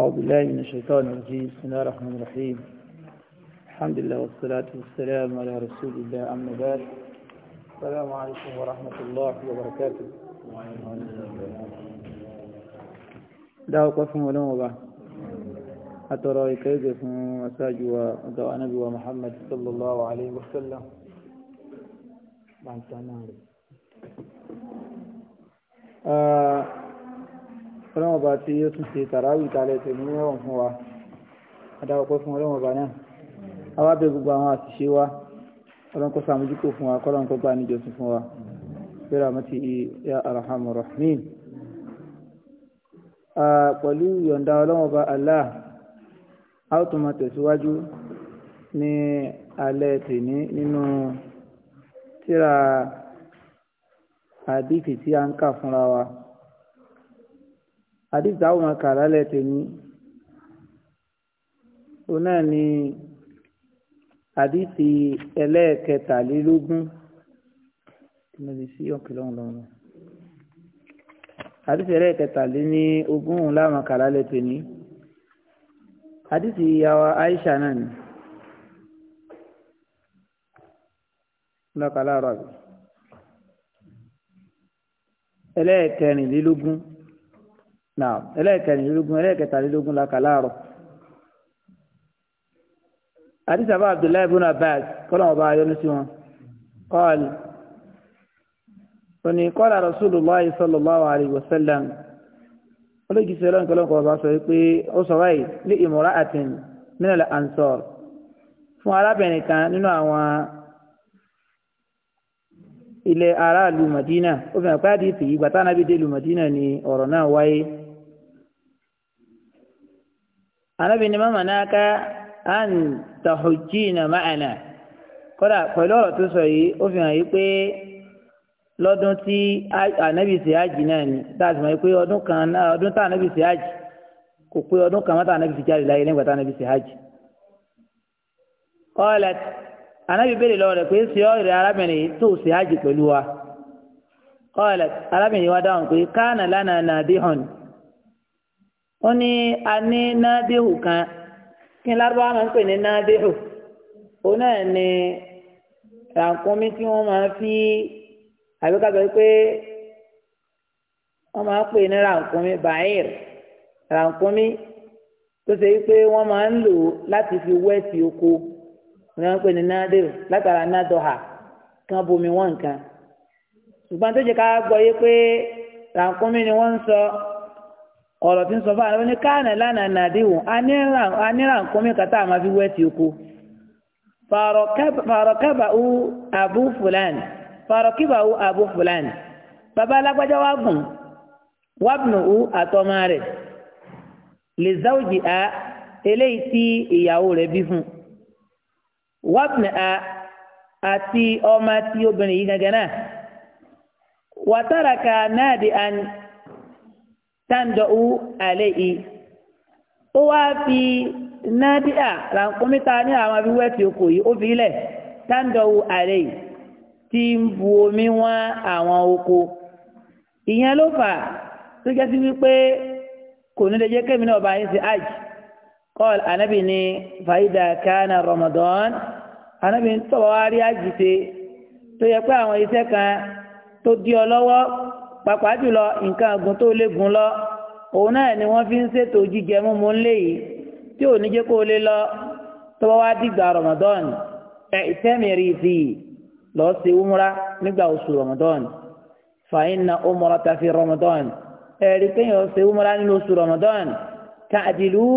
أعوذ بالله من الشيطان الرجيم بسم الله الرحمن الرحيم الحمد لله والصلاة والسلام على رسول الله أما بعد السلام عليكم ورحمة الله وبركاته دعوة قفهم ولهم وبعد أترى كيف مساج ودعاء نبي محمد صلى الله عليه وسلم بعد سنة آه، ọlọ́run ọba tí ó tún ṣe tàràwì ìtàlẹ̀ tẹ̀mí rọrùn fún wa adáwọ̀pẹ́ fún ọlọ́run a náà gbogbo àwọn àṣìṣe wa ọlọ́run kó fún wa kọ́lọ́run kó fún wa ya arhamar rahimin Allah a ó tún máa tẹ̀síwájú ní nínú tíra tí a wa. àdìsá àwọn àkàrà lẹ́tẹ̀ ní òun náà ni àdìsí ẹlẹ́ẹ̀kẹtàlélógún àdìsí ẹlẹ́ẹ̀kẹtàléní ogún òun láwọn àkàrà lẹ́tẹ̀ ní àdìsí ìyàwó Aisha náà ni lọ́kàlá rọ̀ ẹlẹ́ẹ̀kẹrìnlélógún náà ẹlẹ́ẹ̀kẹrìnlélógún ẹlẹ́ẹ̀kẹtàlélógún la kà láàárọ̀ àdìsá bá abdullahi ibn abbas kọ́lá ọba ayọ́nu sí wọn kọ́ọ̀lì òní kọ́lá rasulullah sallallahu alayhi wa sallam olóògìsí ọlọ́run kọ́lá ọba sọ pé ó sọ báyìí ní ìmọ̀ra àtìn nínú ilẹ̀ ansor fún arábìnrin kan nínú àwọn ilẹ̀ aráàlú madina ó fi hàn pé àdìsí ìgbà táwọn abídé lu madina ni ọ̀rọ̀ náà wáyé. anabi ni mọ́mọ́ náà ká à ń tàhùjì nà máàna kódà pẹ̀lú ọ̀rọ̀ tó sọ yìí ó fi hàn yí pé lọ́dún tí ànábì ṣe àjì náà ni táà sì mọ̀ pé ọdún kan náà ọdún tá ànábì ṣe àjì kò pé ọdún kan mọ́tà ànábì ṣe jáde láyé nígbà tá ànábì ṣe àjì. ànábì béèrè lọ́wọ́ rẹ̀ pé ṣé ọ́ arábìnrin tó ṣe àjì pẹ̀lú wa kọ́lẹ̀ arábìnrin wa dáhùn pé káànà lánàá hàn wọ́n ní a ní nádìhù kan kí n lárúbáwá máa ń pè ní náà ni ràǹkúnmí tí wọ́n máa fi àbíkájọ pé wọ́n máa pè ní ràǹkúnmí bàáìr tó ṣe wọ́n máa ń lò láti fi wẹ́ẹ̀tì oko wọ́n ń pè ní látara nádọ́hà bomi wọ́n nǹkan ṣùgbọ́n tó ká gbọ́ yé pé ọ̀rọ̀ tí ń sọ fáwọn ní káànà lánàá nàdíhùn mẹ́ta kàtà àmà fi wẹ́ ti oko fàrọ̀kẹ́bàú àbú fúlàní fàrọ̀kẹ́bàú àbú fúlàní bàbá alágbájá wa gùn wàbùnùú àtọ́mọ rẹ̀ lè záwùjì á eléyìí tí ìyàwó rẹ̀ bí fún wàbùnù á àti ọmọ tí obìnrin yìí wàtàràkà náà di tàǹdọ̀wù àlẹ́ yìí ó wá fi nádìá ràǹkómítà ní àwọn abíwẹ́ fi oko yìí ó fi lẹ̀ tàǹdọ̀wù àlẹ́ yìí tí ń bu omi wọ́n àwọn oko ìyẹn ló fà tó jẹ́ sí wípé kò ní lè jẹ́ kémi náà bá yín sí hajj kọ́ọ̀lù anábì ní fàyídà kánà ramadan anábì ní tọ́wọ́ wá rí hajj ṣe tó yẹ pé àwọn iṣẹ́ kan tó di ọ lọ́wọ́ pàápàá jùlọ nǹkan àgùn tó lè gùn lọ òun náà ni wọ́n fi ń ṣètò jíjẹ múmu ńlẹ̀ yìí tí ò ní jẹ́ kó lè lọ tọ́wọ́ wá dìgbà Ramadan ẹ̀ ìtẹ́mìrì sí i lọ́ọ́ ṣe umra nígbà oṣù Ramadan fa inna umrata fi Ramadan ẹ̀rí kéèyàn ṣe umra nínú oṣù Ramadan ta'dilu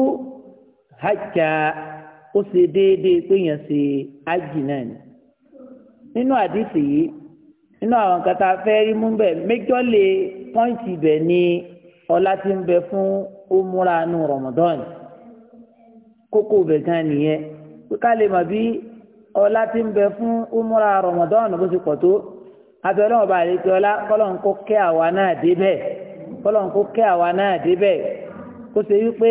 hajja ó ṣe déédéé kéèyàn ṣe ájì nínú àdìsí yìí. nínú àwọn nǹkan tá a fẹ́ rí mú ni ọlá ti ń bẹ fún umura nu Ramadan kókó bẹ̀ gan nìyẹn ká lè mọ̀ bí ti ń bẹ fún umura Ramadan bó ti pọ̀ tó abẹ́rẹ́ ọba àlejò ọlá kọ́lọ́n kó kẹ́ àwa náà kọ́lọ́n kó kẹ́ àwa náà kó ṣe wípé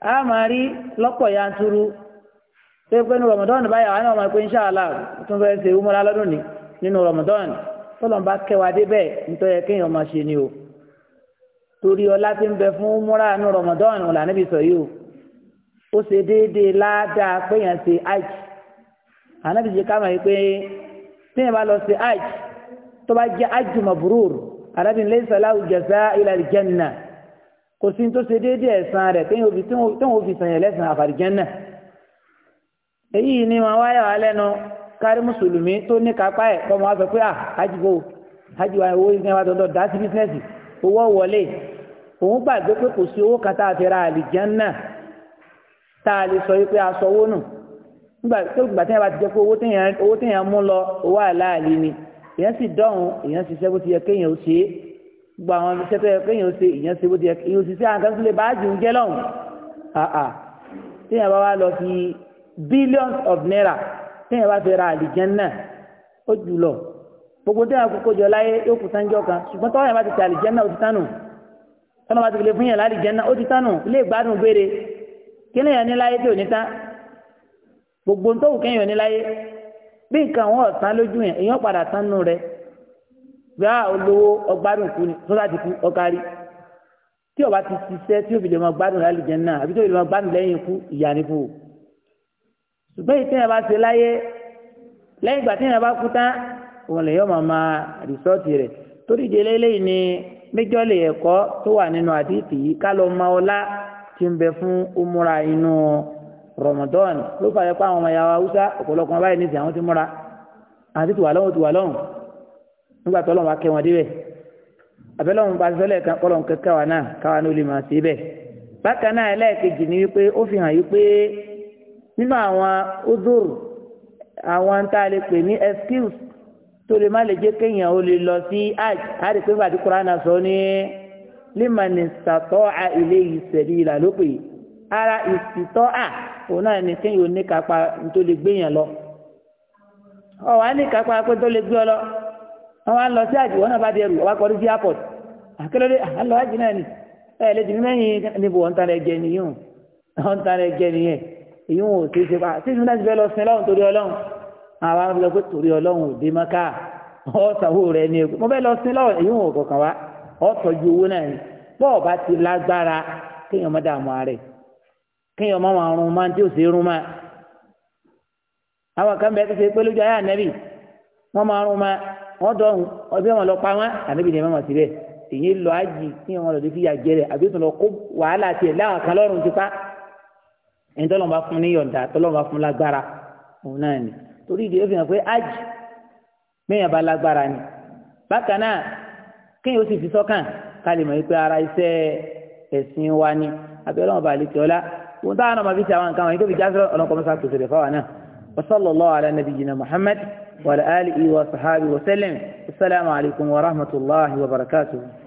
a máa rí lọ́pọ̀ yanturu pé pé ní Ramadan báyà wà ní ọmọ ìpín insha Allah tún fẹ́ ṣe lọ́dún nínú Ramadan tọ́lọ̀ bá kẹwàá débẹ̀ nítorí ẹ kéèyàn máa ṣe ni o torí ọlá tí ń bẹ fún múra nínú Ramadan ọ̀là níbi sọ yìí o ó ṣe déédéé ládàá péyàn ṣe hajj ànábì ṣe ká máa yí pé téèyàn bá lọ ṣe hajj tó bá jẹ́ hajj mabrur ànábì laysa lahu jazaa illa al-janna kò sí tó ṣe déédéé ẹ̀san rẹ̀ téèyàn ò fi sàn yẹn lẹ́sàn àfàlìjẹ́nà èyí ni màá wáyà wá lẹ́nu kárí mùsùlùmí tó ní kápá ẹ̀ kọ́ mọ́ wá sọ pé à ájúgbò ájú wa owó ìgbìmọ̀ àtọ́dọ̀ dá sí bísínẹ́sì owó wọlé òun gbàgbé pé kò sí owó kan tá a fi ra àlìjánná tá a lè sọ wípé a sọ owó nù nígbà tó gbà téèyàn bá ti jẹ́ pé owó téèyàn mú lọ owó àláàlì ni èèyàn sì dọ̀hún èèyàn ṣiṣẹ́ bó ti yẹ kéèyàn ó ṣe é gbogbo àwọn iṣẹ́ tó yẹ kéèyàn ó ṣe èèyàn ṣe bó ti yẹ kéèyàn ó ṣiṣẹ́ àwọn kan tó lè báàjì ń jẹ́ lọ́hùn-ún téèyàn bá wá lọ fi billions of naira téèyàn bá fẹ́ ra àlìjẹ́nà ó jù lọ gbogbo téèyàn kókó jọ láyé yóò kú sánjọ́ kan ṣùgbọ́n tọ́wọ́ yẹn bá ti tẹ àlìjẹ́nà ó ti tánù tọ́lọ́ bá ti lè fún yẹn lálìjẹ́nà ó ti tánù ilé ìgbádùn béèrè kíni yẹn ní láyé tí ò ní tán gbogbo ntọ́wù kẹ́yìn ní láyé bí nǹkan wọn ọ̀sán lójú yẹn èèyàn padà sánú rẹ gbá olówó ọgbádùn kú ni sọ́dà ti kú ọkárí tí ó bá ti ṣiṣẹ́ tí ó fi lè mọ gbádùn lálìjẹ́nà àbí tó fi lè mọ gbádùn lẹ́yìn ikú ìyá ṣùgbọ́n ìtẹ́ yẹn bá ṣe láyé lẹ́yìn ìgbà tí yẹn bá kú tán òun lè yọ màmá rìsọ́ọ̀tì rẹ̀ torí ìdílé eléyìí ni méjọ́lì ẹ̀kọ́ tó wà nínú àdìtì yìí ká lọ ma ọlá tí ń bẹ fún umura inú Ramadan ló fà yẹ pé àwọn ọmọ ìyàwó haúsá ọ̀pọ̀lọpọ̀ wọn báyìí nísìnyí àwọn ti múra àti tùwà lọ́hùn tùwà lọ́hùn nígbà tó lọ́hùn wá kẹ́ wọn débẹ̀ àbẹ́lọ́hùn bá sọ́lẹ̀ kan kọ́ wa náà káwa ní olè máa ṣe bẹ́ẹ̀ bákan náà ẹlẹ́ẹ̀kejì ni wípé ó fi hàn yí pé nínú àwọn udhur àwọn tá a lè pè ní excuse tó lè má lè jẹ́ kéèyàn ó lè lọ sí hajj á pé bàtí sọ ní ara istita'a òun náà kéèyàn ní kápá tó lè lọ á ní kápá pé tó lè gbé ọ lọ àwọn á lọ sí hajj wọn náà bá di ẹrù ọwọ́ akọ́rí sí airport àkẹ́lẹ́dẹ́ àlọ́ hajj náà ni mẹ́yìn níbo ń nìyẹn ń èyí wọn ò ṣe é ṣe pa tí ìṣúná ti fẹ́ lọ sin lọ́run torí ọlọ́run àwa ń lọ pé torí ọlọ́run ò dé mọ́ká ọ̀sàwó rẹ ní egbò mo fẹ́ lọ sin lọ́run èyí wọn ò kọ̀ọ̀kan wá ọ̀tọ́jú owó náà ni bọ́ọ̀ bá ti lágbára kéèyàn má dààmú ara rẹ̀ kéèyàn má máa rún máa tí ò sí rún máa àwọn kan bẹ́ẹ̀ tó ṣe pé lójú ayé ànẹ́bì wọ́n máa rún máa wọ́n dọ̀hún ọbẹ̀ wọn lọ pa wọn ànẹ́bì ni ẹ má máa síbẹ̀ èyí lọ ájì kéèyàn wọn lọ dé fìyà jẹ àbí tó lọ kó wàhálà tiẹ̀ láwọn kan lọ́rùn ti pa ẹni tọ́lọ́ bá fún ní yọ̀ǹda tọ́lọ́ bá fún lágbára òun náà ni torí ìdí ó fi hàn pé ájì mẹ́yàn bá lágbára ni bákan náà kéèyàn ó sì fi sọ́kàn ká lè mọ̀ wípé ara iṣẹ́ ẹ̀sìn wa ni abẹ́rẹ́ ọ̀bà àlejò ọlá òun táwọn ọmọ fi ṣe àwọn nǹkan wọ̀nyí tó fi já ọlọ́kọ̀ọ́mọ́sá pèsè rẹ̀ fáwọn náà wasallallahu ala nabiyyina muhammad wa ala alihi wa sahabi wa sallam assalamu alaikum wa rahmatullahi wa barakatuhu